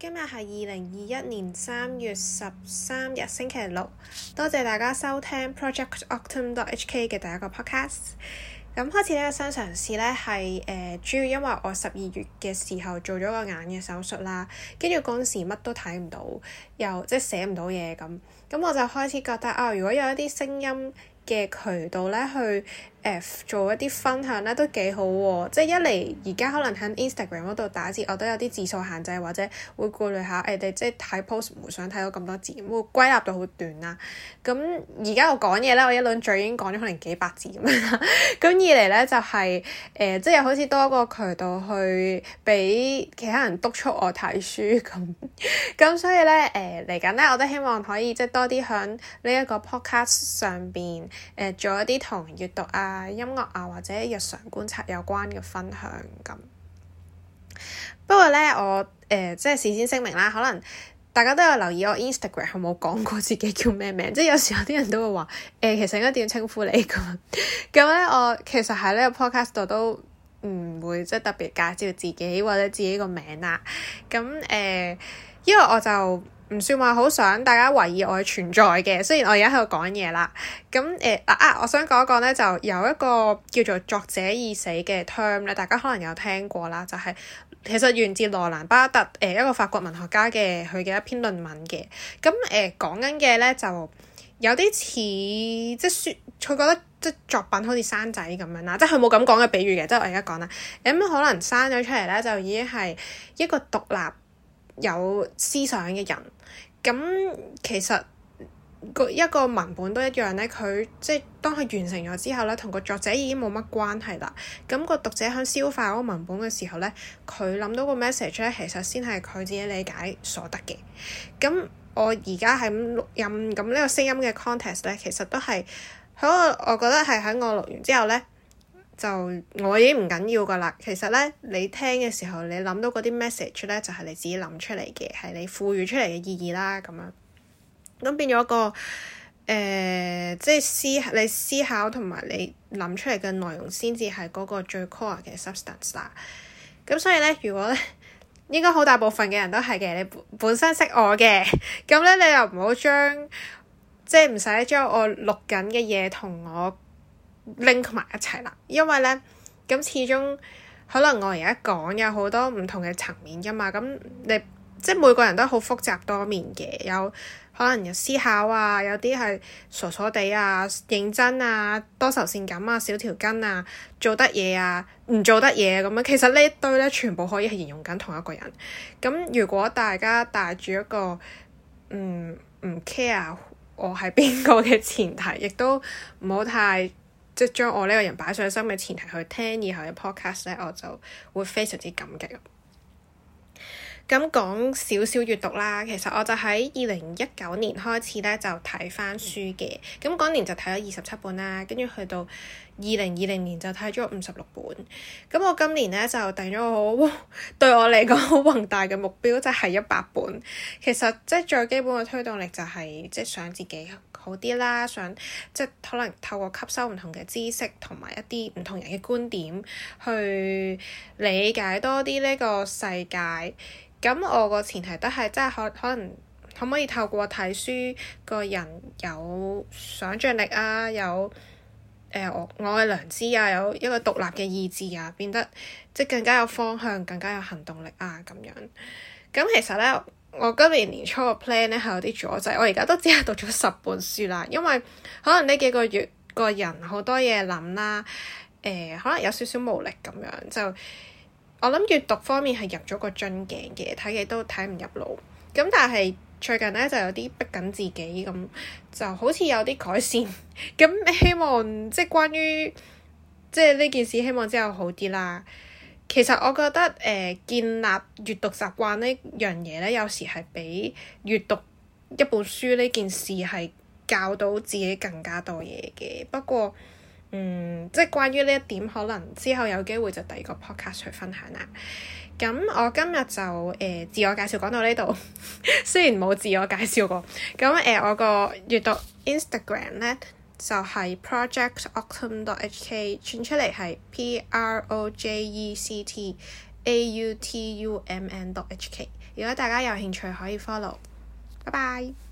今日係二零二一年三月十三日星期六，多謝大家收聽 Project Octum.hk 嘅第一個 Podcast。咁開始呢個新嘗試呢，係誒、呃、主要因為我十二月嘅時候做咗個眼嘅手術啦，跟住嗰陣時乜都睇唔到，又即係寫唔到嘢咁，咁我就開始覺得啊、哦，如果有一啲聲音嘅渠道呢，去。誒做一啲分享咧都幾好、啊、即係一嚟而家可能喺 Instagram 度打字，我都有啲字數限制或者會顧慮下誒哋、哎、即係睇 post 唔想睇到咁多字，會歸納到好短啦、啊。咁而家我講嘢咧，我一輪嘴已經講咗可能幾百字咁樣，咁 二嚟咧就係、是、誒、呃、即係好似多個渠道去俾其他人督促我睇書咁。咁 所以咧誒嚟緊咧，我都希望可以即係多啲響呢一個 podcast 上邊誒、呃、做一啲同閱讀啊。啊，音樂啊，或者日常觀察有關嘅分享咁。不過咧，我誒、呃、即係事先聲明啦，可能大家都有留意我 Instagram 係冇講過自己叫咩名，即係有時候啲人都會話誒、呃，其實應該點稱呼你咁。咁 咧、嗯，我其實喺呢個 podcast 度都唔會即係特別介紹自己或者自己個名啦。咁、嗯、誒、呃，因為我就。唔算話好想大家懷疑我嘅存在嘅，雖然我而家喺度講嘢啦。咁誒啊，我想講一講咧，就有一個叫做作者已死嘅 term 咧，大家可能有聽過啦。就係、是、其實源自羅蘭巴特誒一個法國文學家嘅佢嘅一篇論文嘅。咁誒講緊嘅咧，就有啲似即係說，佢、就是、覺得即係、就是、作品好似生仔咁樣啦。即係佢冇咁講嘅比喻嘅，即、就、係、是、我而家講啦。咁可能生咗出嚟咧，就已經係一個獨立，有思想嘅人，咁其實個一個文本都一樣呢，佢即係當佢完成咗之後呢，同個作者已經冇乜關係啦。咁個讀者喺消化嗰個文本嘅時候呢，佢諗到個 message 呢，其實先係佢自己理解所得嘅。咁我而家喺錄音咁，呢個聲音嘅 context 呢，其實都係喺我我覺得係喺我錄完之後呢。就我已經唔緊要噶啦。其實咧，你聽嘅時候，你諗到嗰啲 message 咧，就係、是、你自己諗出嚟嘅，係你賦予出嚟嘅意義啦。咁樣，咁變咗個誒、呃，即係思你思考同埋你諗出嚟嘅內容，先至係嗰個最 core 嘅 substance 啦。咁所以咧，如果咧，應該好大部分嘅人都係嘅。你本身識我嘅，咁 咧你又唔好將，即係唔使將我錄緊嘅嘢同我。link 埋一齊啦，因為咧，咁始終可能我而家講有好多唔同嘅層面噶嘛，咁你即係每個人都好複雜多面嘅，有可能有思考啊，有啲係傻傻地啊，認真啊，多愁善感啊，少條筋啊，做得嘢啊，唔做得嘢咁樣，其實呢一堆咧全部可以係形容緊同一個人。咁如果大家帶住一個唔唔 care 我係邊個嘅前提，亦都唔好太。即係將我呢個人擺上心嘅前提去聽以後嘅 podcast 咧，我就會非常之感激。咁講少少閲讀啦，其實我就喺二零一九年開始咧就睇翻書嘅，咁嗰年就睇咗二十七本啦，跟住去到。二零二零年就睇咗五十六本，咁我今年咧就定咗好對我嚟講好宏大嘅目標，即係一百本。其實即係、就是、最基本嘅推動力就係即係想自己好啲啦，想即係、就是、可能透過吸收唔同嘅知識同埋一啲唔同人嘅觀點，去理解多啲呢個世界。咁我個前提都係，即係可可能可唔可以透過睇書，個人有想象力啊，有。誒、呃、我我嘅良知啊，有一個獨立嘅意志啊，變得即係更加有方向，更加有行動力啊咁樣。咁其實咧，我今年年初個 plan 咧係有啲阻滯，我而家都只係讀咗十本書啦，因為可能呢幾個月個人好多嘢諗啦，誒、呃、可能有少少無力咁樣就，我諗閱讀方面係入咗個樽頸嘅，睇嘢都睇唔入腦。咁但係。最近咧就有啲逼緊自己咁，就好似有啲改善。咁 希望即係關於即係呢件事，希望之後好啲啦。其實我覺得誒、呃，建立閱讀習慣呢樣嘢咧，有時係比閱讀一本書呢件事係教到自己更加多嘢嘅。不過，嗯，即係關於呢一點，可能之後有機會就第二個 podcast 去分享啦。咁我今日就誒、呃、自我介紹講到呢度， 雖然冇自我介紹過。咁誒、呃，我個閱讀 Instagram 咧就係 projectautumn.hk 轉出嚟係 p r o j e c t a u t u m n .h k。如果大家有興趣可以 follow，拜拜。Bye bye!